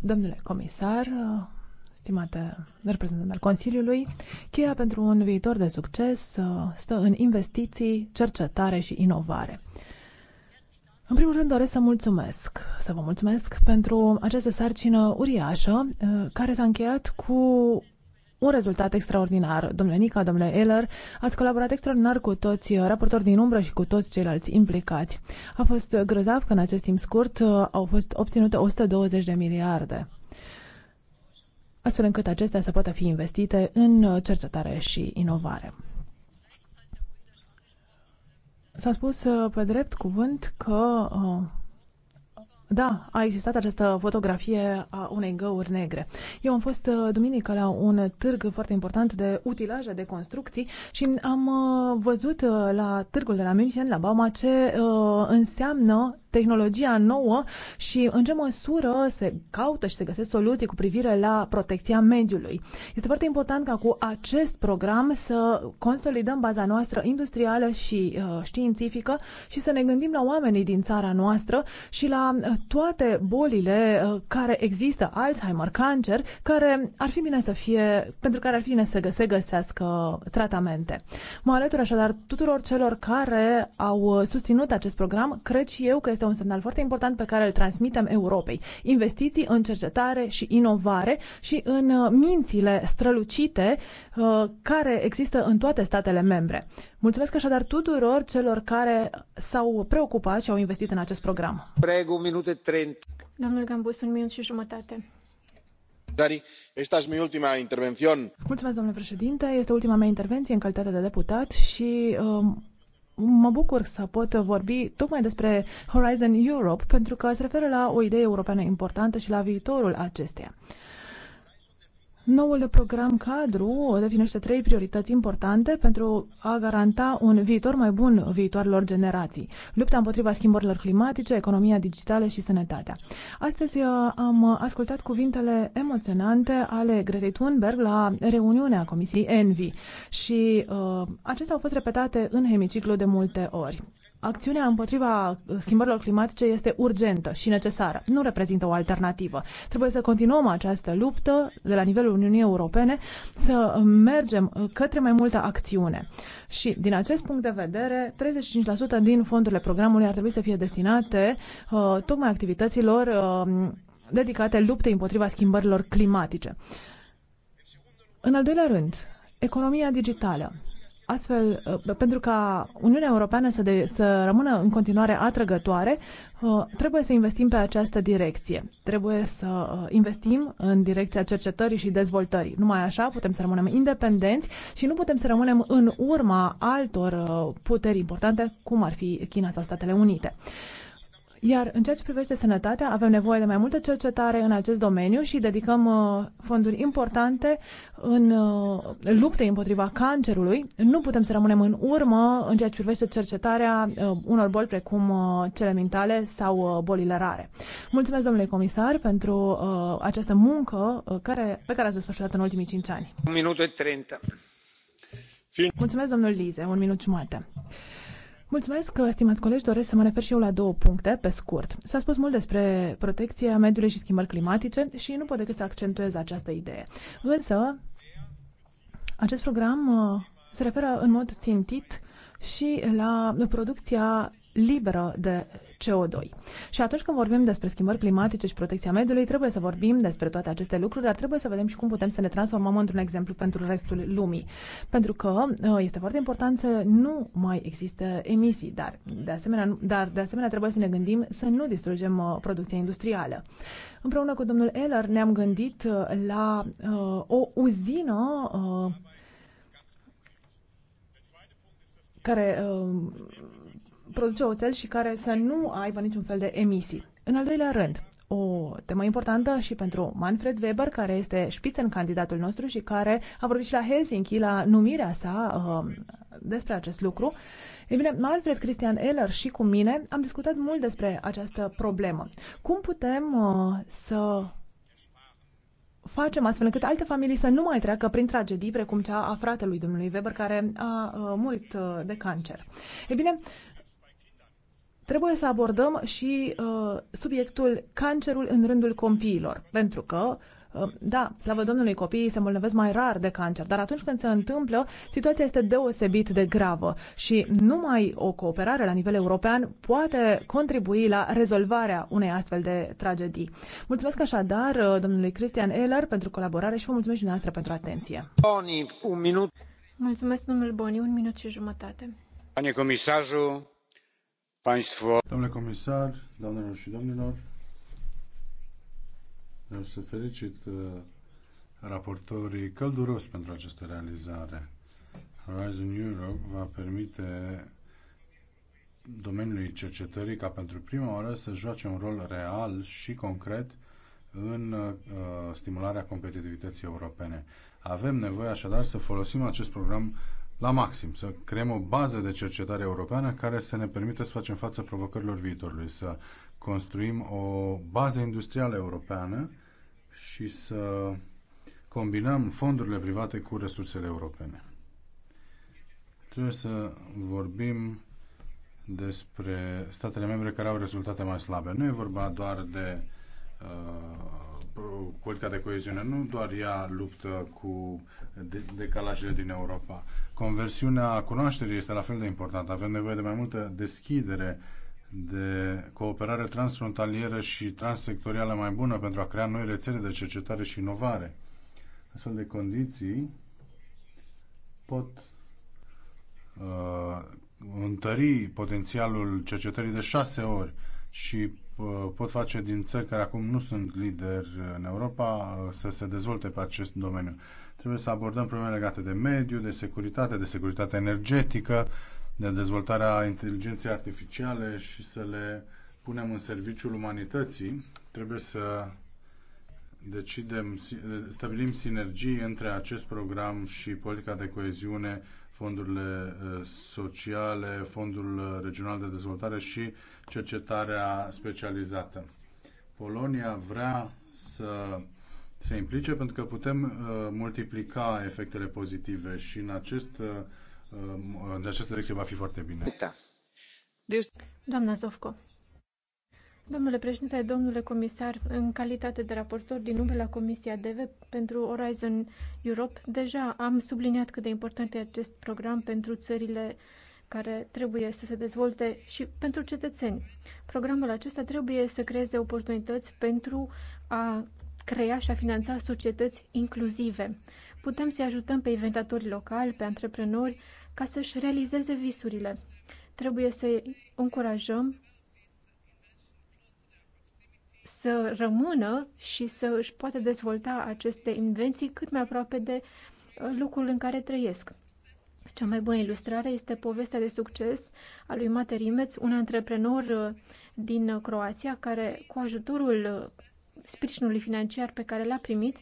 domnule comisar, stimate reprezentant al Consiliului, cheia pentru un viitor de succes uh, stă în investiții, cercetare și inovare. În primul rând doresc să mulțumesc, să vă mulțumesc pentru această sarcină uriașă uh, care s-a încheiat cu un rezultat extraordinar. Domnule Nica, domnule Eller, ați colaborat extraordinar cu toți uh, raportori din umbră și cu toți ceilalți implicați. A fost grozav că în acest timp scurt uh, au fost obținute 120 de miliarde astfel încât acestea să poată fi investite în uh, cercetare și inovare. S-a spus pe drept cuvânt că uh, da, a existat această fotografie a unei găuri negre. Eu am fost uh, duminică la un târg foarte important de utilaje de construcții și am uh, văzut uh, la târgul de la München, la Bauma, ce înseamnă tehnologia nouă și în ce măsură se caută și se găsesc soluții cu privire la protecția mediului. Este foarte important ca cu acest program să consolidăm baza noastră industrială și uh, științifică și să ne gândim la oamenii din țara noastră și la uh, toate bolile uh, care există, Alzheimer, cancer, care ar fi bine să fie, pentru care ar fi bine să se găsească tratamente. Mă alătur așadar tuturor celor care au uh, susținut acest program. Cred și eu că este este un semnal foarte important pe care îl transmitem Europei. Investiții în cercetare și inovare și în uh, mințile strălucite uh, care există în toate statele membre. Mulțumesc așadar tuturor celor care s-au preocupat și au investit în acest program. Prego, minute 30. Domnul Gambus, un minut și jumătate. Mulțumesc, domnule președinte este ultima mea intervenție în calitate de deputat și uh, mă bucur să pot vorbi tocmai despre Horizon Europe, pentru că se referă la o idee europeană importantă și la viitorul acesteia. Noul program cadru definește trei priorități importante pentru a garanta un viitor mai bun viitoarelor generații. Lupta împotriva schimbărilor climatice, economia digitală și sănătatea. Astăzi uh, am ascultat cuvintele emoționante ale Gretei Thunberg la reuniunea Comisiei Envi și uh, acestea au fost repetate în hemiciclu de multe ori. Acțiunea împotriva uh, schimbărilor climatice este urgentă și necesară. Nu reprezintă o alternativă. Trebuie să continuăm această luptă de la nivelul Uniunii Europene, să uh, mergem uh, către mai multă acțiune. Și din acest punct de vedere, 35% din fondurile programului ar trebui să fie destinate uh, tocmai activităților uh, dedicate luptei împotriva schimbărilor climatice. În al doilea rând, economia digitală astfel, uh, pentru ca Uniunea Europeană să, de, să rămână în continuare atrăgătoare, uh, trebuie să investim pe această direcție. Trebuie să uh, investim în direcția cercetării și dezvoltării. Numai așa putem să rămânem independenți și nu putem să rămânem în urma altor puteri importante, cum ar fi China sau Statele Unite. Iar în ceea ce privește sănătatea, avem nevoie de mai multă cercetare în acest domeniu și dedicăm uh, fonduri importante în uh, lupte împotriva cancerului. Nu putem să rămânem în urmă în ceea ce privește cercetarea uh, unor boli precum uh, cele mentale sau uh, bolile rare. Mulțumesc, domnule comisar, pentru uh, această muncă care, pe care ați desfășurat în ultimii 5 ani. Un minut 30. Mulțumesc, domnul Lize, un minut jumate. Mulțumesc, stimați colegi, doresc să mă refer și eu la două puncte, pe scurt. S-a spus mult despre protecția mediului și schimbări climatice și nu pot decât să accentuez această idee. Însă, acest program uh, se referă în mod țintit și la producția liberă de CO2. Și atunci când vorbim despre schimbări climatice și protecția mediului, trebuie să vorbim despre toate aceste lucruri, dar trebuie să vedem și cum putem să ne transformăm într-un exemplu pentru restul lumii. Pentru că uh, este foarte important să nu mai existe emisii, dar de asemenea, dar de asemenea trebuie să ne gândim să nu distrugem uh, producția industrială. Împreună cu domnul Eller ne-am gândit uh, la uh, o uzină uh, care uh, produce oțel și care să nu aibă niciun fel de emisii. În al doilea rând, o temă importantă și pentru Manfred Weber, care este în candidatul nostru și care a vorbit și la Helsinki, la numirea sa uh, despre acest lucru. Ei bine, Manfred Christian Eller și cu mine am discutat mult despre această problemă. Cum putem uh, să facem astfel încât alte familii să nu mai treacă prin tragedii precum cea a fratelui domnului Weber, care a uh, murit uh, de cancer. Ei bine, Trebuie să abordăm și uh, subiectul cancerul în rândul copiilor, pentru că uh, da, slavă Domnului, copiii se îmbolnăvesc mai rar de cancer, dar atunci când se întâmplă, situația este deosebit de gravă și numai o cooperare la nivel european poate contribui la rezolvarea unei astfel de tragedii. Mulțumesc așadar uh, domnului Cristian Eller pentru colaborare și vă mulțumesc și dumneavoastră pentru atenție. Boni, un minut. Mulțumesc, domnul Boni, un minut și jumătate. Panie comisarul, Domnule comisar, doamnelor și domnilor, vreau să felicit uh, raportorii călduros pentru această realizare. Horizon Europe va permite domeniului cercetării ca pentru prima oară să joace un rol real și concret în uh, stimularea competitivității europene. Avem nevoie așadar să folosim acest program la maxim, să creăm o bază de cercetare europeană care să ne permită să facem față provocărilor viitorului, să construim o bază industrială europeană și să combinăm fondurile private cu resursele europene. Trebuie să vorbim despre statele membre care au rezultate mai slabe. Nu e vorba doar de uh, politica de coeziune, nu doar ea luptă cu decalajele din Europa. Conversiunea cunoașterii este la fel de importantă. Avem nevoie de mai multă deschidere, de cooperare transfrontalieră și transsectorială mai bună pentru a crea noi rețele de cercetare și inovare. Astfel de condiții pot uh, întări potențialul cercetării de șase ori și uh, pot face din țări care acum nu sunt lideri în Europa uh, să se dezvolte pe acest domeniu. Trebuie să abordăm probleme legate de mediu, de securitate, de securitate energetică, de dezvoltarea inteligenței artificiale și să le punem în serviciul umanității. Trebuie să decidem, stabilim sinergii între acest program și politica de coeziune, fondurile uh, sociale, fondul uh, regional de dezvoltare și cercetarea specializată. Polonia vrea să se implice pentru că putem uh, multiplica efectele pozitive și în acest, uh, în uh, această direcție va fi foarte bine. Da. Deci... Doamna Zovco. Domnule președinte, domnule comisar, în calitate de raportor din umbră la Comisia DV pentru Horizon Europe, deja am subliniat cât de important e acest program pentru țările care trebuie să se dezvolte și pentru cetățeni. Programul acesta trebuie să creeze oportunități pentru a crea și a finanța societăți inclusive. Putem să-i ajutăm pe inventatori locali, pe antreprenori, ca să-și realizeze visurile. Trebuie să-i încurajăm să rămână și să își poată dezvolta aceste invenții cât mai aproape de uh, locul în care trăiesc. Cea mai bună ilustrare este povestea de succes a lui Mate Rimeț, un antreprenor uh, din Croația care, cu ajutorul uh, sprijinului financiar pe care l-a primit,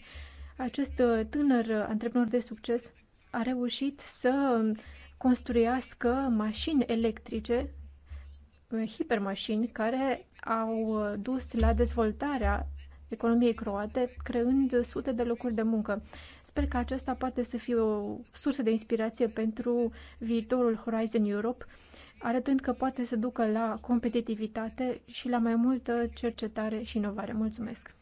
acest uh, tânăr uh, antreprenor de succes a reușit să construiască mașini electrice, uh, hipermașini, care au dus la dezvoltarea economiei croate, creând sute de locuri de muncă. Sper că acesta poate să fie o sursă de inspirație pentru viitorul Horizon Europe, arătând că poate să ducă la competitivitate și la mai multă cercetare și inovare. Mulțumesc!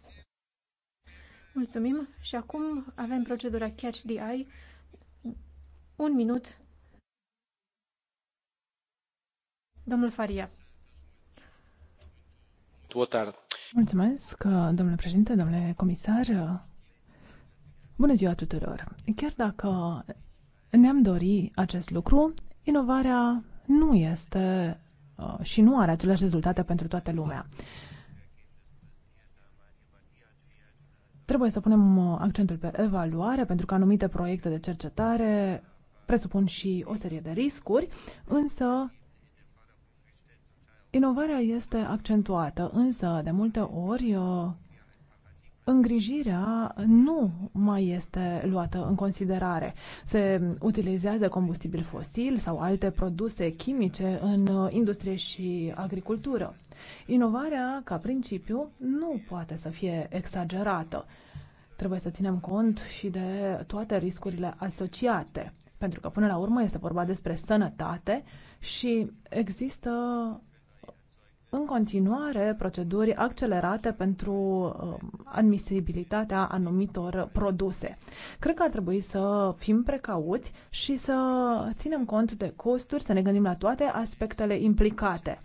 Mulțumim și acum avem procedura Catch the Eye. Un minut. Domnul Faria. Mulțumesc, domnule președinte, domnule comisar. Bună ziua tuturor! Chiar dacă ne-am dori acest lucru, inovarea nu este uh, și nu are aceleași rezultate pentru toată lumea. Trebuie să punem uh, accentul pe evaluare, pentru că anumite proiecte de cercetare presupun și o serie de riscuri, însă inovarea este accentuată, însă de multe ori uh, îngrijirea nu mai este luată în considerare. Se utilizează combustibil fosil sau alte produse chimice în industrie și agricultură. Inovarea, ca principiu, nu poate să fie exagerată. Trebuie să ținem cont și de toate riscurile asociate, pentru că până la urmă este vorba despre sănătate și există în continuare proceduri accelerate pentru um, admisibilitatea anumitor produse. Cred că ar trebui să fim precauți și să ținem cont de costuri, să ne gândim la toate aspectele implicate.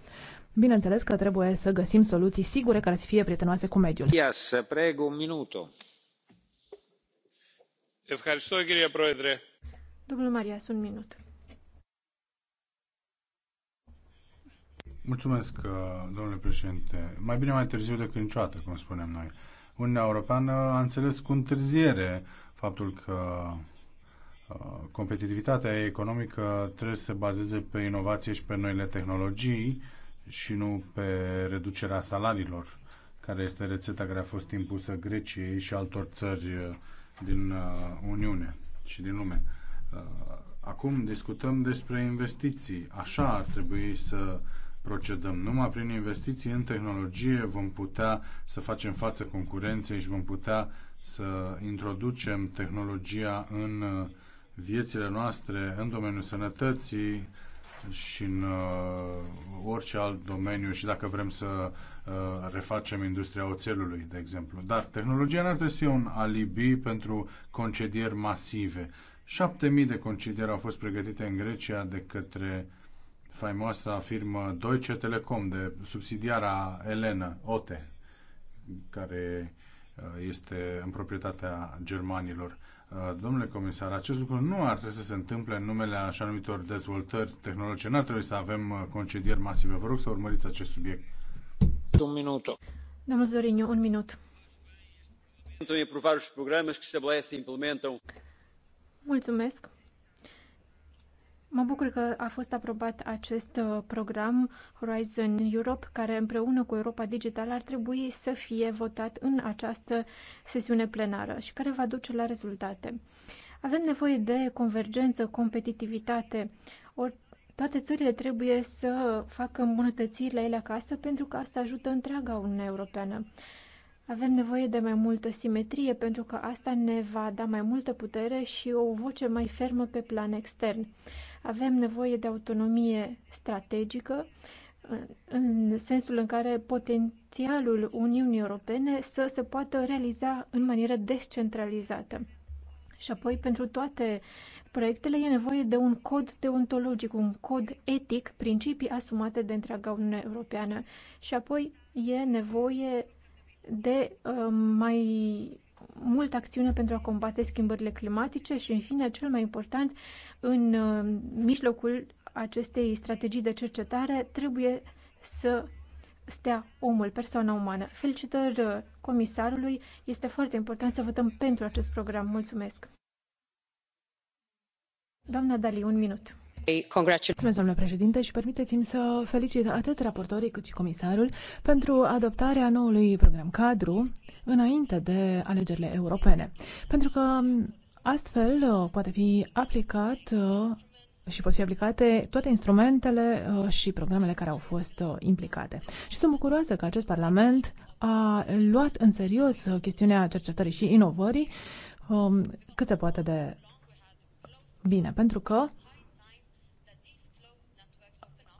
Bineînțeles că trebuie să găsim soluții sigure care să fie prietenoase cu mediul. Yes, preg un minut. Domnul Marias, un minut Mulțumesc, uh, domnule președinte. Mai bine mai târziu decât niciodată, cum spunem noi. Uniunea Europeană a înțeles cu întârziere faptul că uh, competitivitatea economică trebuie să se bazeze pe inovație și pe noile tehnologii și nu pe reducerea salariilor, care este rețeta care a fost impusă Greciei și altor țări uh, din Uniune și din lume. Acum discutăm despre investiții. Așa ar trebui să uh, procedăm. Numai prin investiții în tehnologie vom putea să facem față concurenței și vom putea să introducem tehnologia în uh, viețile noastre, în domeniul sănătății și în uh, orice alt domeniu și dacă vrem să uh, refacem industria oțelului, de exemplu. Dar tehnologia n-ar trebui să fie un alibi pentru concedieri masive. 7.000 de concedieri au fost pregătite în Grecia de către faimoasa firmă Deutsche Telekom, de subsidiara Elena, OTE, care uh, este în proprietatea germanilor. Uh, domnule comisar, acest lucru nu ar trebui să se întâmple în numele așa numitor dezvoltări tehnologice. Nu ar trebui să avem uh, concedieri masive. Vă rog să urmăriți acest subiect. Un minut. Domnul Zoriniu, un minut. Mulțumesc. Mă bucur că a fost aprobat acest uh, program Horizon Europe, care împreună cu Europa Digitală ar trebui să fie votat în această sesiune plenară și care va duce la rezultate. Avem nevoie de convergență, competitivitate. Or, toate țările trebuie să facă îmbunătățiri la ele acasă pentru că asta ajută întreaga Uniunea Europeană. Avem nevoie de mai multă simetrie pentru că asta ne va da mai multă putere și o voce mai fermă pe plan extern. Avem nevoie de autonomie strategică în sensul în care potențialul Uniunii Europene să se poată realiza în manieră descentralizată. Și apoi, pentru toate proiectele, e nevoie de un cod deontologic, un cod etic, principii asumate de întreaga Uniune Europeană. Și apoi e nevoie de uh, mai multă acțiune pentru a combate schimbările climatice și, în fine, cel mai important, în uh, mijlocul acestei strategii de cercetare trebuie să stea omul, persoana umană. Felicitări uh, comisarului, este foarte important să votăm pentru acest program. Mulțumesc! Doamna Dali, un minut doamnă președinte, și permiteți-mi să felicit atât raportorii cât și comisarul pentru adoptarea noului program cadru înainte de alegerile europene. Pentru că astfel uh, poate fi aplicat uh, și pot fi aplicate toate instrumentele uh, și programele care au fost implicate. Și sunt bucuroasă că acest Parlament a luat în serios chestiunea cercetării și inovării um, cât se poate de bine, pentru că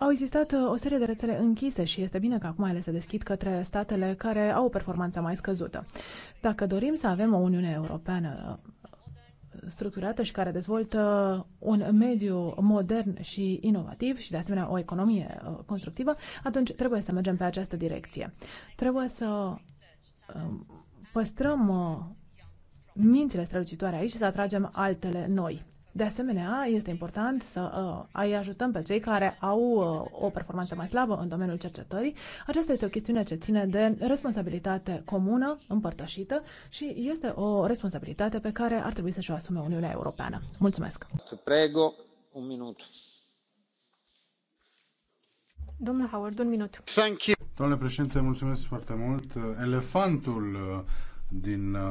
au existat uh, o serie de rețele închise și este bine că acum ele se deschid către statele care au o performanță mai scăzută. Dacă dorim să avem o Uniune Europeană uh, structurată și care dezvoltă un mediu modern și inovativ și de asemenea o economie uh, constructivă, atunci trebuie să mergem pe această direcție. Trebuie să um, păstrăm mințile strălucitoare aici și să atragem altele noi. De asemenea, este important să uh, îi ajutăm pe cei care au uh, o performanță mai slabă în domeniul cercetării. Aceasta este o chestiune ce ține de responsabilitate comună, împărtășită și este o responsabilitate pe care ar trebui să-și o asume Uniunea Europeană. Mulțumesc! Prego, un minut. Domnul Howard, un minut. Thank you. Domnule președinte, mulțumesc foarte mult. Elefantul uh, din uh,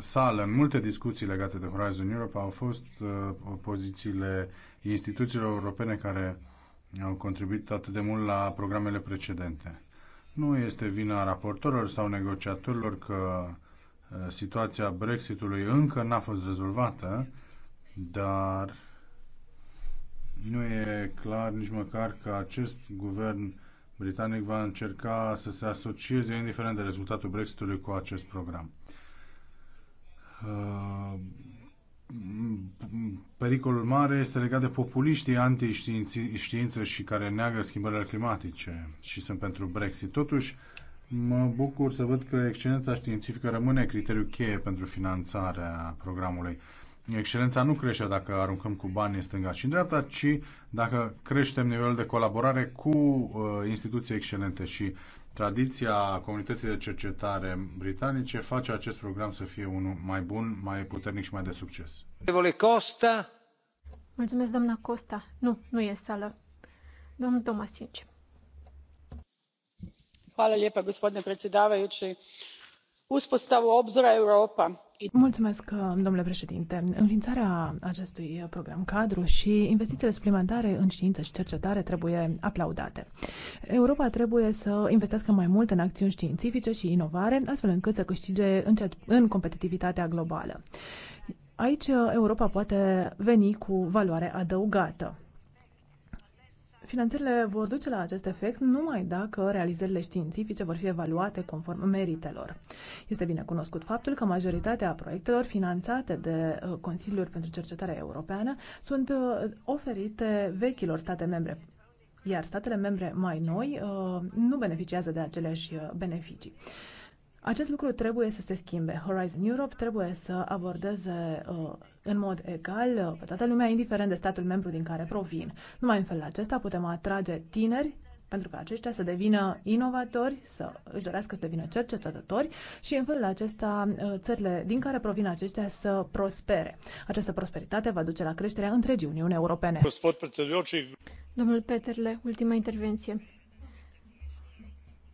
sală în multe discuții legate de Horizon Europe au fost uh, pozițiile instituțiilor europene care au contribuit atât de mult la programele precedente. Nu este vina raportorilor sau negociatorilor că uh, situația Brexitului încă n-a fost rezolvată, dar nu e clar nici măcar că acest guvern britanic va încerca să se asocieze, indiferent de rezultatul Brexitului, cu acest program. Uh, pericolul mare este legat de populiștii anti-știință și care neagă schimbările climatice și sunt pentru Brexit. Totuși, mă bucur să văd că excelența științifică rămâne criteriul cheie pentru finanțarea programului. Excelența nu crește dacă aruncăm cu bani în stânga și în dreapta, ci dacă creștem nivelul de colaborare cu uh, instituții excelente și Tradiția comunității de cercetare britanice face acest program să fie unul mai bun, mai puternic și mai de succes. Costa. Mulțumesc, doamna Costa. Nu, nu e sală. Domnul Tomasici. Hvala lijepa, gospodine predsjedavajući. Uspostavu obzora Europa Mulțumesc, domnule președinte. Înființarea acestui program cadru și investițiile suplimentare în știință și cercetare trebuie aplaudate. Europa trebuie să investească mai mult în acțiuni științifice și inovare, astfel încât să câștige încet în competitivitatea globală. Aici Europa poate veni cu valoare adăugată. Finanțările vor duce la acest efect numai dacă realizările științifice vor fi evaluate conform meritelor. Este bine cunoscut faptul că majoritatea proiectelor finanțate de uh, Consiliul pentru Cercetare Europeană sunt uh, oferite vechilor state membre iar statele membre mai noi uh, nu beneficiază de aceleași beneficii. Acest lucru trebuie să se schimbe. Horizon Europe trebuie să abordeze uh, în mod egal uh, pe toată lumea, indiferent de statul membru din care provin. Numai în felul acesta putem atrage tineri pentru că aceștia să devină inovatori, să își dorească să devină cercetători și în felul acesta uh, țările din care provin aceștia să prospere. Această prosperitate va duce la creșterea întregii Uniuni Europene. Domnul Peterle, ultima intervenție.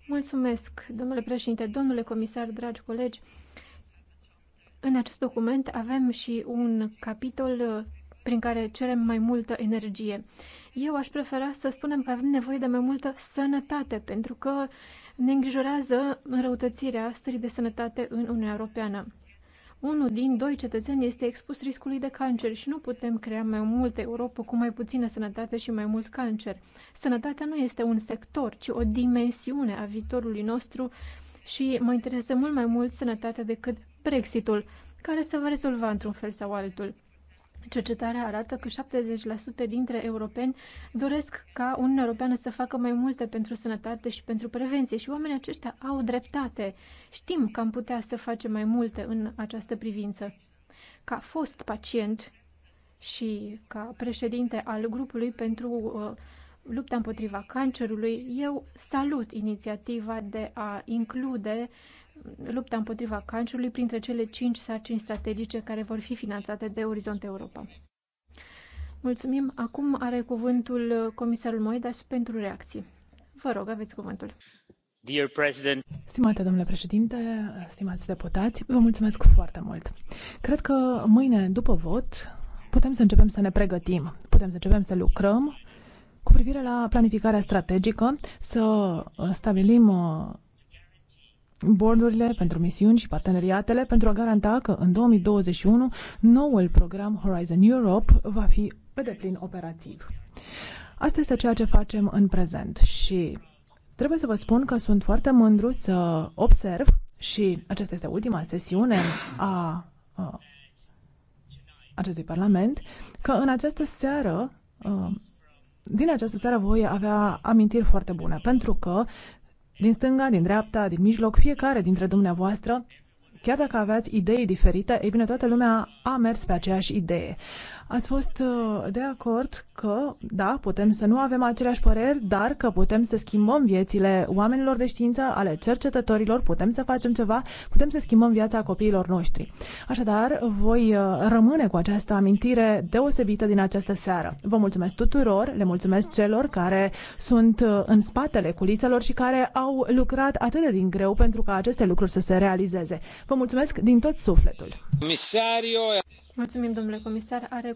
Mulțumesc, domnule președinte, domnule comisar, dragi colegi. În acest document avem și un capitol uh, prin care cerem mai multă energie. Eu aș prefera să spunem că avem nevoie de mai multă sănătate, pentru că ne îngrijorează înrăutățirea stării de sănătate în Uniunea Europeană unul din doi cetățeni este expus riscului de cancer și nu putem crea mai multă Europa cu mai puțină sănătate și mai mult cancer. Sănătatea nu este un sector, ci o dimensiune a viitorului nostru și mă interesează mult mai mult sănătatea decât Brexitul, care se va rezolva într-un fel sau altul. Cercetarea arată că 70% dintre europeni doresc ca Uniunea Europeană să facă mai multe pentru sănătate și pentru prevenție și oamenii aceștia au dreptate. Știm că am putea să facem mai multe în această privință. Ca fost pacient și ca președinte al grupului pentru uh, lupta împotriva cancerului, eu salut inițiativa de a include lupta împotriva cancerului printre cele cinci sarcini strategice care vor fi finanțate de Orizont Europa. Mulțumim. Acum are cuvântul comisarul Moedas pentru reacții. Vă rog, aveți cuvântul. Dear President. Stimate domnule președinte, stimați deputați, vă mulțumesc foarte mult. Cred că mâine, după vot, putem să începem să ne pregătim, putem să începem să lucrăm cu privire la planificarea strategică, să stabilim bordurile pentru misiuni și parteneriatele pentru a garanta că în 2021 noul program Horizon Europe va fi pe deplin operativ. Asta este ceea ce facem în prezent și trebuie să vă spun că sunt foarte mândru să observ și aceasta este ultima sesiune a, a acestui Parlament, că în această seară, din această seară voi avea amintiri foarte bune, pentru că din stânga, din dreapta, din mijloc, fiecare dintre dumneavoastră, chiar dacă aveați idei diferite, ei bine, toată lumea a mers pe aceeași idee ați fost uh, de acord că, da, putem să nu avem aceleași păreri, dar că putem să schimbăm viețile oamenilor de știință, ale cercetătorilor, putem să facem ceva, putem să schimbăm viața copiilor noștri. Așadar, voi uh, rămâne cu această amintire deosebită din această seară. Vă mulțumesc tuturor, le mulțumesc celor care sunt uh, în spatele culiselor și care au lucrat atât de din greu pentru ca aceste lucruri să se realizeze. Vă mulțumesc din tot sufletul. Comisario... Mulțumim, domnule comisar. Are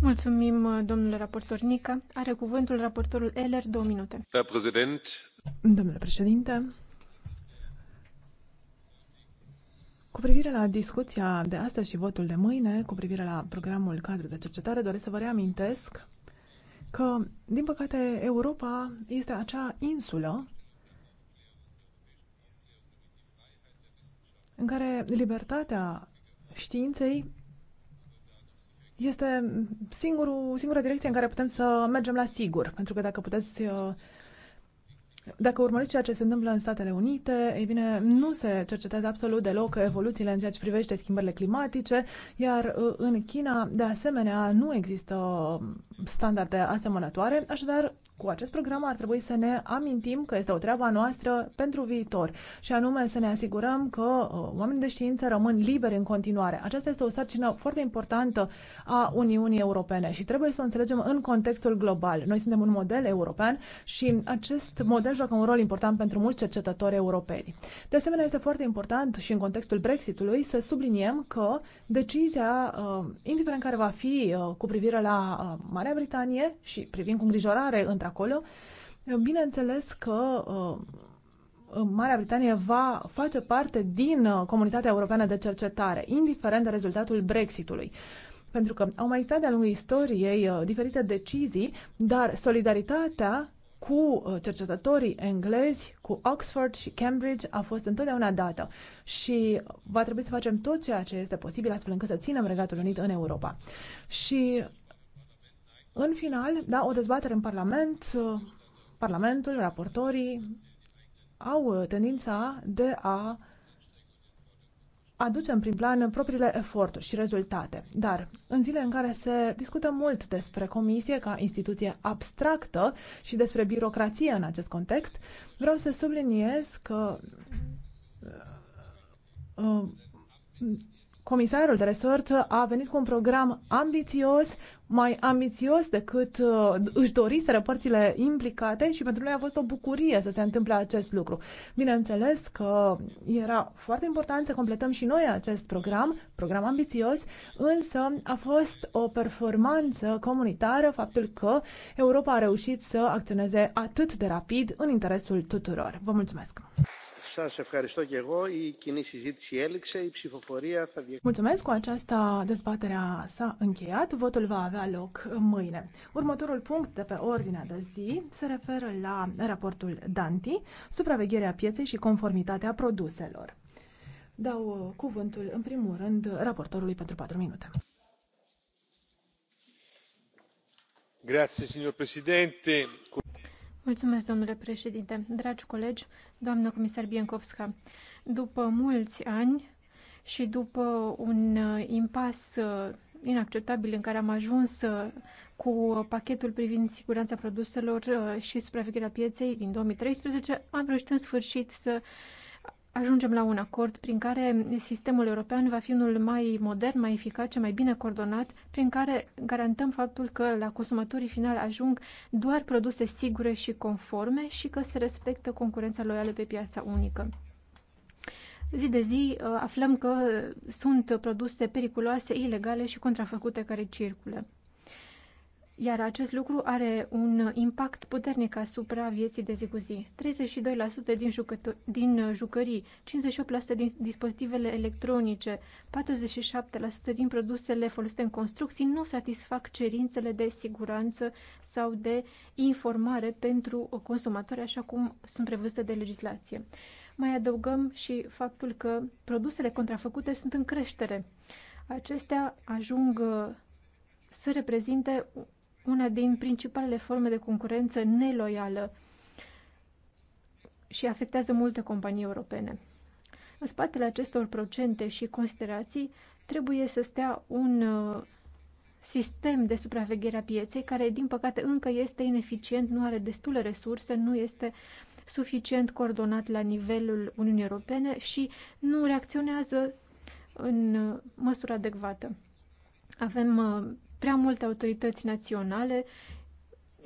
Mulțumim, domnule raportor Nică. Are cuvântul raportorul Eller, două minute. Domnule președinte, Cu privire la discuția de astăzi și votul de mâine, cu privire la programul cadru de cercetare, doresc să vă reamintesc că, din păcate, Europa este acea insulă în care libertatea științei este singurul, singura direcție în care putem să mergem la sigur, pentru că dacă puteți uh, dacă urmăriți ceea ce se întâmplă în Statele Unite, ei bine, nu se cercetează absolut deloc evoluțiile în ceea ce privește schimbările climatice, iar uh, în China, de asemenea, nu există standarde asemănătoare, așadar cu acest program ar trebui să ne amintim că este o treaba noastră pentru viitor și anume să ne asigurăm că uh, oamenii de știință rămân liberi în continuare. Aceasta este o sarcină foarte importantă a Uniunii Europene și trebuie să o înțelegem în contextul global. Noi suntem un model european și acest model joacă un rol important pentru mulți cercetători europeni. De asemenea, este foarte important și în contextul Brexitului să subliniem că decizia, uh, indiferent care va fi uh, cu privire la Marea Britanie și privind cu îngrijorare între acolo. Bineînțeles că uh, Marea Britanie va face parte din uh, comunitatea europeană de cercetare, indiferent de rezultatul Brexitului. Pentru că au mai stat de-a lungul istoriei uh, diferite decizii, dar solidaritatea cu cercetătorii englezi, cu Oxford și Cambridge a fost întotdeauna dată și va trebui să facem tot ceea ce este posibil astfel încât să ținem Regatul Unit în Europa. Și în final, da, o dezbatere în Parlament, uh, Parlamentul, raportorii au uh, tendința de a aduce în prim plan propriile eforturi și rezultate. Dar în zile în care se discută mult despre comisie ca instituție abstractă și despre birocrație în acest context, vreau să subliniez că uh, comisarul de resort a venit cu un program ambițios, mai ambițios decât uh, își doriseră părțile implicate și pentru noi a fost o bucurie să se întâmple acest lucru. Bineînțeles că era foarte important să completăm și noi acest program, program ambițios, însă a fost o performanță comunitară faptul că Europa a reușit să acționeze atât de rapid în interesul tuturor. Vă mulțumesc! Mulțumesc, cu aceasta dezbaterea s-a încheiat. Votul va avea loc mâine. Următorul punct de pe ordinea de zi se referă la raportul Danti, supravegherea pieței și conformitatea produselor. Dau uh, cuvântul, în primul rând, raportorului pentru 4 minute. Grazie, signor Presidente. Mulțumesc, domnule președinte. Dragi colegi, doamnă comisar Biencovska, după mulți ani și după un uh, impas uh, inacceptabil în care am ajuns uh, cu pachetul privind siguranța produselor și supravegherea pieței din 2013, am reușit în sfârșit să ajungem la un acord prin care sistemul european va fi unul mai modern, mai eficace, mai bine coordonat, prin care garantăm faptul că la consumatorii finali ajung doar produse sigure și conforme și că se respectă concurența loială pe piața unică. Zi de zi uh, aflăm că sunt produse periculoase, ilegale și contrafăcute care circulă iar acest lucru are un impact puternic asupra vieții de zi cu zi. 32% din, jucăto- din jucării, 58% din dispozitivele electronice, 47% din produsele folosite în construcții nu satisfac cerințele de siguranță sau de informare pentru consumatori, așa cum sunt prevăzute de legislație. Mai adăugăm și faptul că produsele contrafăcute sunt în creștere. Acestea ajung să reprezinte una din principalele forme de concurență neloială și afectează multe companii europene. În spatele acestor procente și considerații trebuie să stea un uh, sistem de supraveghere a pieței care, din păcate, încă este ineficient, nu are destule resurse, nu este suficient coordonat la nivelul Uniunii Europene și nu reacționează în uh, măsură adecvată. Avem uh, prea multe autorități naționale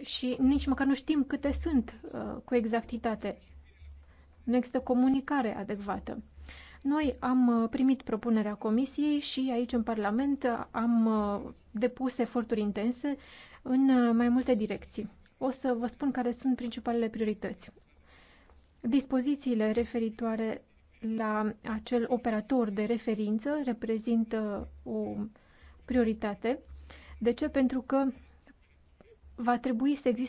și nici măcar nu știm câte sunt uh, cu exactitate. Nu există comunicare adecvată. Noi am uh, primit propunerea Comisiei și aici în Parlament uh, am depus eforturi intense în mai multe direcții. O să vă spun care sunt principalele priorități. Dispozițiile referitoare la acel operator de referință reprezintă o prioritate. De ce? Pentru că va trebui să existe